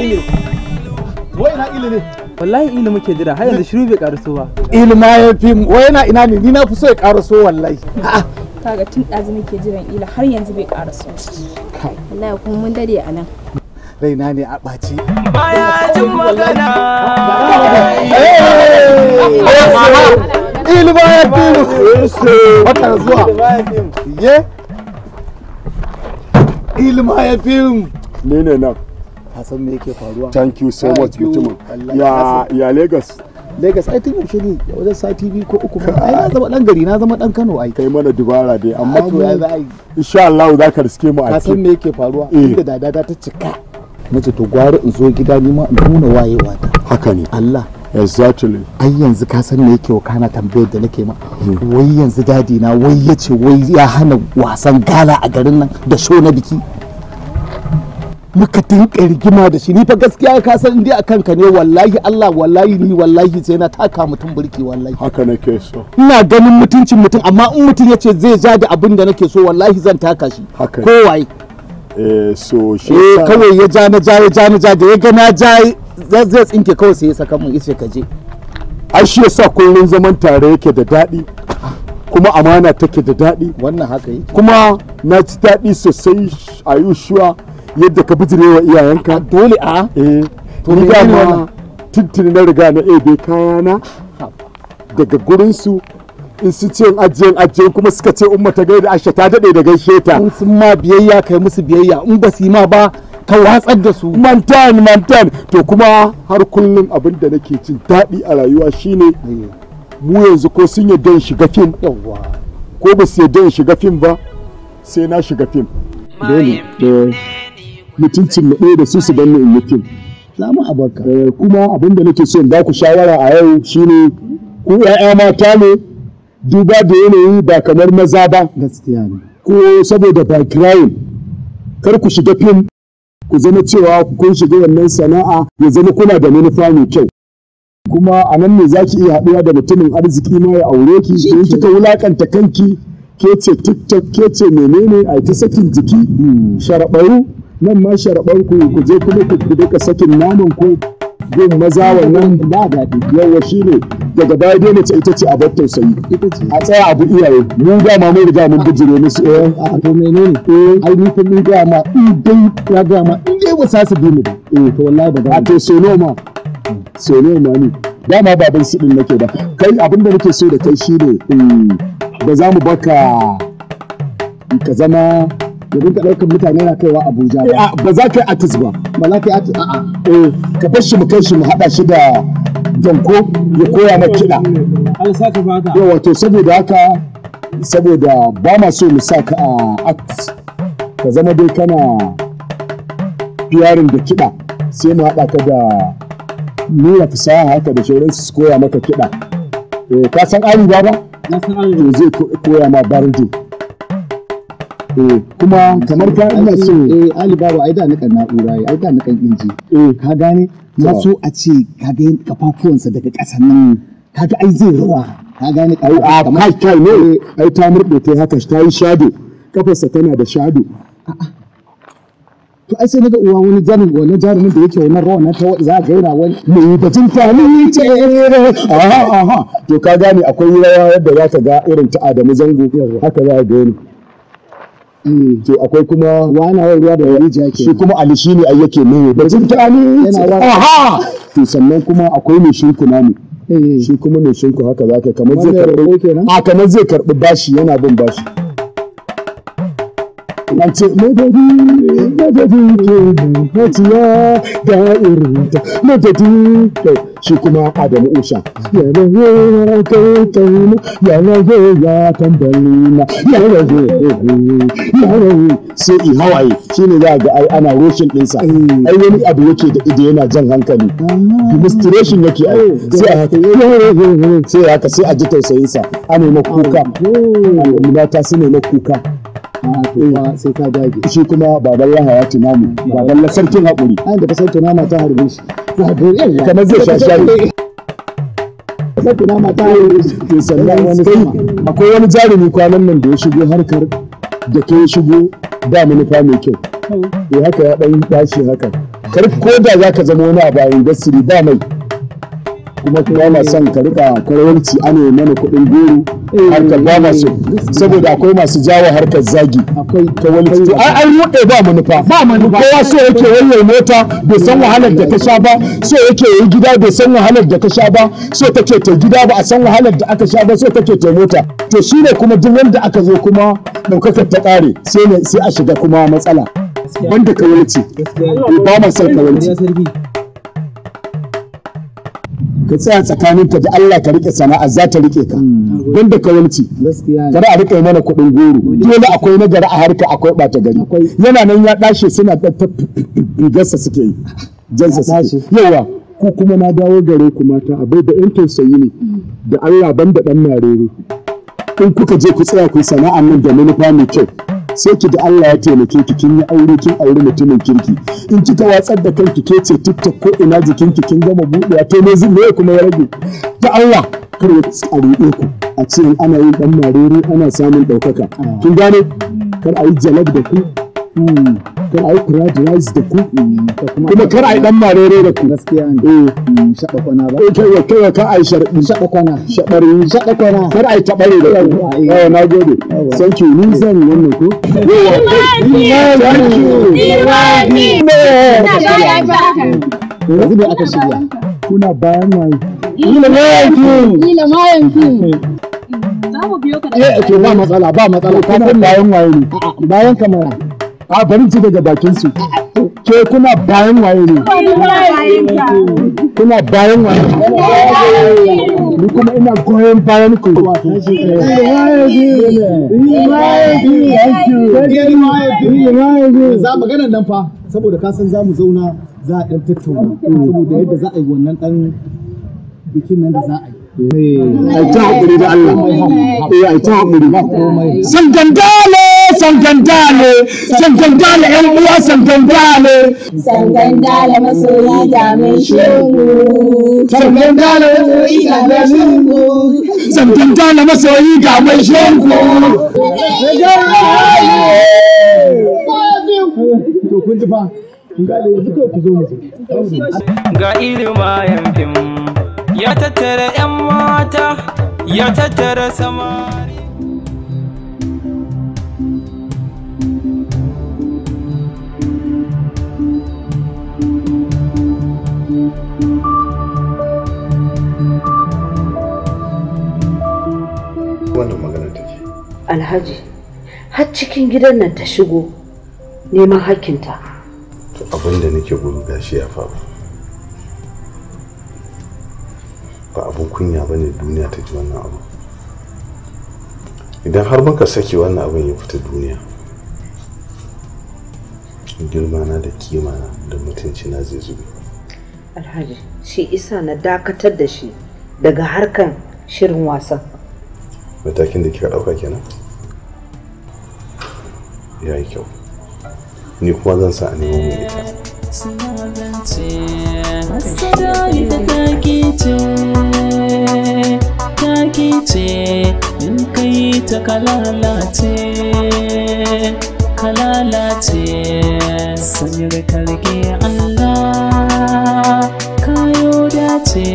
kai ne wai na ilimi wallahi ilimi ke jira har yanzu shiru bai karaso ba ilima ya fi wai na ina ne ni na fi so ya karaso wallahi kaga tun ɗazu nake jiran ila har yanzu bai karaso wallahi kuma mun dade a nan raina ne a ɓaci baya jin magana ilima ya fi wata zuwa ilima ya fi ne ne nan ka san me yake faruwa thank you so much mutumin ya ya lagos lagos ai tun yaushe ne wajen sati biyu ko uku ai na zama dan gari na zama dan kano ai kai mana dubara dai amma ah, to ya za insha Allah za ka riske mu a ka san me yake faruwa inda eh. dada ta cika nace to gwara in zo gida ni ma in nuna wayewa ta haka ne Allah exactly ai yanzu ka san me yake wakana tambayar da nake ma hmm. wai yanzu dadi na wai yace wai ya hana wasan gala a garin nan da show na biki muka tinka rigima da shi ni fa gaskiya ka san indai akan ka ne wallahi Allah wallahi ni wallahi sai na taka mutum burki wallahi haka nake so ina ganin mutuncin mutum amma in mutum yace zai ja da abin da nake so wallahi zan taka shi Kowai. eh so shi eh kawai ya ja na ja ya ja na ja da ya ga na ja zai tsinke kawai sai ya saka mun yace ka je ai shi yasa kullun zaman tare yake da daɗi kuma amana take da daɗi wannan haka yi kuma na ci daɗi sosai a yushuwa yadda ka bijirewa iyayenka dole a eh to ni tintini na riga na ebe kayana daga gurinsu in su ce ajiyan ajiyan kuma suka ce umma ta gaida ashe ta daɗe da gaishe ta in sun ma biyayya kai musu biyayya in ba su ma ba ka watsar da su mantan mantan to kuma har kullum abin da nake cin daɗi a rayuwa shine mu yanzu ko sun yadda in shiga fim ko ba su yadda in shiga fim ba sai na shiga fim dole eh, mutuncin mu ɗaya da su su ganni in zamu eh, kuma abin da nake so in baku shawara a yau shine ku ƴaƴa mata ne duba da yanayi ba kamar maza ba gaskiya ne ko saboda background kar ku shiga fim ku zama cewa kun shiga wannan sana'a ya zama kuna da manufa mai kyau kuma a nan ne za ki iya haɗuwa da mutumin arziki ma ya aure ki in kika wulakanta kanki ke ce tiktok ke ce menene a ita sakin jiki hmm. sharaɓaru nan ma sharaɓar ku ku je kuma ku duka sakin naman ku yin maza wannan ba daɗi yawa shi ne daga baya dai mace ita ce abar tausayi a tsaya abu iyaye mu ga ma mun riga mun bijire musu eh a to menene eh ai ni kun mun ga ma in dai ya ga ma in dai ba sa su bi mu eh to wallahi ba ga to sono ma sono ma ni ma babin su din nake ba kai abin da nake so da kai shi ne. Eh, ba za mu baka ka zama ya ka ɗaukar mutane na kaiwa Abuja ba. Eh, ba za ka yi artist ba. Ba za ka yi artist a'a. Eh, ka bar shi mu kai shi mu haɗa shi da janko ya koya na kiɗa. An saka saboda haka saboda ba ma so mu saka a artist. Ka zama dai kana fiyarin da kiɗa sai mu haɗa ka da nuna fasaha haka da shauransu su koya maka kiɗa. Eh, ka san Ali ba ba? san Ali. zai koya ma bardo. Eh, kuma kamar ta ina so eh alibaba ai da kan na'ura ai da kan inji eh. ka gane na so a ce ka ga kafafuwansa daga kasan nan ka ga ai zai rawa ka gane ka a kai kai ne eh. ai ta murɗe ta haka ta yi shado kafarsa tana da shado to ai sai naga uwa wani jarumi wani jarumin da yake wannan na ta za ga yana wani mai bajin tani ce aha aha to ka gane akwai rawa yadda za ka ga irin ta Adamu Zango haka za ga gani Mm. to akwai kuma wani ruwa da rijiya ke shi kuma ali shi ne yake ne da jintani aha to sannan kuma akwai mai shinku ne. Eh. shi kuma mai shinku haka zaka kamar zai karbi a kamar zai karbi bashi yana bin bashi na madadi madadi ke maciya da irinta madadi shi kuma adamu usha yanaye ya kai kaina yanaye ya tambalina ya rage sai i hawaye shi ne za ga ai ana roshin ɗinsa eh. ai wani abu yake da ido yana jan hankali ah. demonstration yake ai oh, sai a eh, eh, sai haka sai a ji tausayinsa yi nema kuka oh, oh. mata su na kuka kuma sai ka dage shi kuma baban lahaya tunamu baban sarkin hakuri. an da kasar tunama ta harbe shi kamar zai sha shayi kasar tunama ta harbe shi ke sannan wani sama akwai wani jarumi kwanan nan da ya shigo harkar da ke shigo da manufa mai kyau hmm. eh haka ya ɗan tashi haka kar ko da za ka zama wani a bayan gasiri ba mai kuma kuma yana son ka rika kwarwarci ana mana kuɗin goro eh. harkar ba masu saboda akwai masu jawo harkar zagi kawalci ai an ruɗe ba manufa kowa so yake wayo mota bai san wahalar da ta sha ba so yake yi gida bai san wahalar da ka sha ba so take ta gida ba a san wahalar da aka sha ba so take ta mota to ne kuma duk wanda aka zo kuma ɗaukakar ta ƙare sai a shiga kuma matsala banda kawalci ba ma san kawalci ka tsaya ta da Allah ka rike sana'a za ta rike ka don da kawanci kada a rike mana kuɗin goro dole akwai na nagari a harka akwai ɓata gari yana nan ya dashe suna ta rigarsa suke yi jansa suke yawa ku kuma na dawo gare ku mata abai da yan tausayi ne da Allah ban da narere in kuka je ku tsaya ku sana'a nan da manufa mai kyau sai ki da Allah ya taimake ki kin yi aure kin aure mutumin kirki in kika watsar da kanki ke ce tiktok ko ina jikin ki kin gama buɗewa to ne zai kuma ya rage ta Allah kar ya tsare ku a ce ana yin dan marori, ana samun ɗaukaka kin gane kar a yi jalab da ku kar a yi kura da rice da ku kuma kar a yi dan marere da ku gaskiya ne eh. mm, shaɓa kwana ba eh, a yi sharɓi shaɓa kwana shaɓari shaɓa kwana kar a yi taɓare da ku eh. na gode thank you ni zan yi wannan kamara. a bari ji daga bakin su ke kuna bayan waye ne kuna bayan waye ni kuma ina goyon bayan ku za magana nan fa saboda ka san za mu zauna za a ɗan tattauna saboda yadda za a yi wannan ɗan bikin nan da za a yi eh, ai ta haƙuri da Allah eh, ai ta haƙuri san gangala sangandale sangandale yan uwa sangandale sangandale masoyi da mai shegu sangandale masoyi da mai shegu sangandale masoyi da mai ga ilima yankin ya tattara 'yan mata ya tattara samari wannan maganar take alhaji har cikin gidan nan ta shigo neman hakkinta to abinda nake gudu gashi ya faru ba abin kunya bane duniya ta ji wannan abu idan har muka sake wannan abin ya fita duniya girmana da na da mutuncina zai zube alhaji shi isa na dakatar da shi daga harkan shirin wasan matakin da kika dauka kenan ya yi kyau ni kuma zan sa a nemo mai ita ce in kai ta kalalace kalalace sanyar karge Allah kayo dace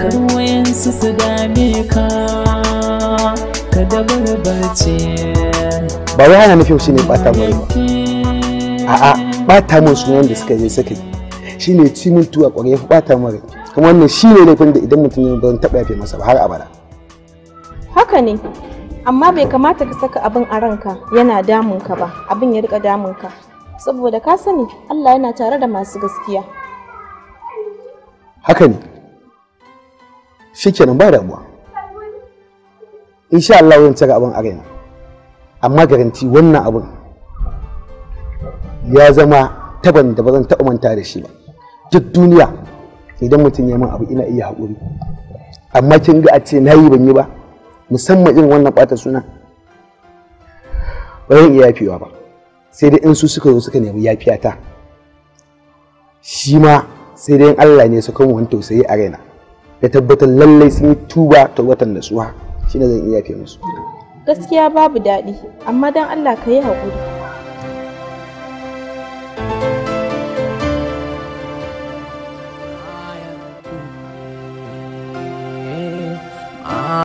karwayen su su dame ka ba wai hana nufin shi ne bata mai ba a'a bata mun sunan da suka je suka shi ne ci tuwa kwarai ya bata mara kuma wannan shi ne laifin da idan mutum ya ban taɓa yafe masa ba har abada haka ne amma bai kamata ka saka abin a ranka yana damun ka ba abin ya rika damun ka saboda ka sani Allah yana tare da masu gaskiya haka ne shikenan ba damuwa insha Allah zan cire abin arena amma garanti wannan abin ya zama taban da ba zan taɓa manta da shi ba duk duniya idan mutum ya min abu ina iya haƙuri amma kin ga a ce na yi ban yi ba musamman irin wannan ɓata suna ba zan iya yafewa ba sai dai in su suka zo suka nemi yafiya ta. shi ma sai dai in Allah ne su kan wani tausayi a raina ya tabbatar lallai sun yi tuba ta watan nasuwa shine zan iya fi musu gaskiya babu daɗi amma don allah ka yi haƙuri